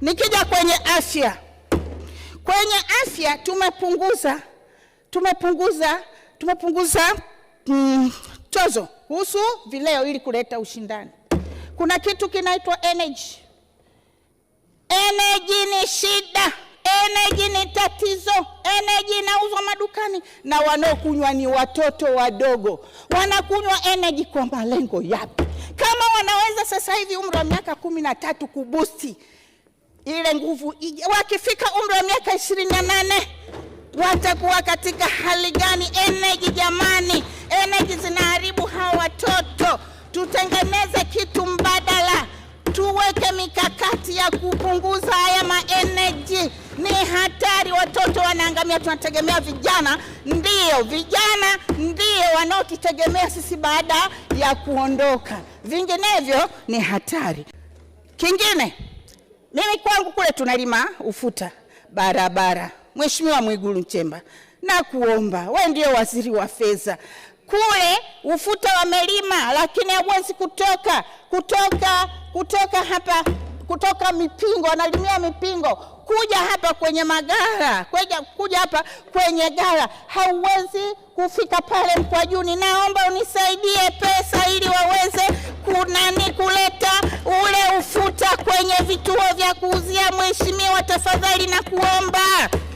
Nikija kwenye afya, kwenye afya tumepunguza tumepunguza tumepunguza mm, tozo kuhusu vileo ili kuleta ushindani. Kuna kitu kinaitwa energy. Energy ni shida, energy ni tatizo, energy inauzwa madukani na wanaokunywa ni watoto wadogo. Wanakunywa energy kwa malengo yapi? Kama wanaweza sasa hivi umri wa miaka kumi na tatu kubusti ile nguvu ije. Wakifika umri wa miaka ishirini na nane watakuwa katika hali gani? Eneji jamani, eneji zinaharibu hawa watoto. Tutengeneze kitu mbadala, tuweke mikakati ya kupunguza haya maeneji. Ni hatari, watoto wanaangamia. Tunategemea vijana, ndio vijana ndio wanaotutegemea sisi baada ya kuondoka, vinginevyo ni hatari. Kingine mimi kwangu kule tunalima ufuta barabara. Mheshimiwa Mwigulu Nchemba, nakuomba we ndio waziri wa fedha kule ufuta wamelima, lakini hauwezi kutoka kutoka kutoka hapa kutoka Mipingo, analimia Mipingo kuja hapa kwenye magara kuja, kuja hapa kwenye gara hauwezi kufika pale Mkwajuni. Naomba unisaidie pesa ili wawe vituo vya kuuzia, mheshimiwa, tafadhali na kuomba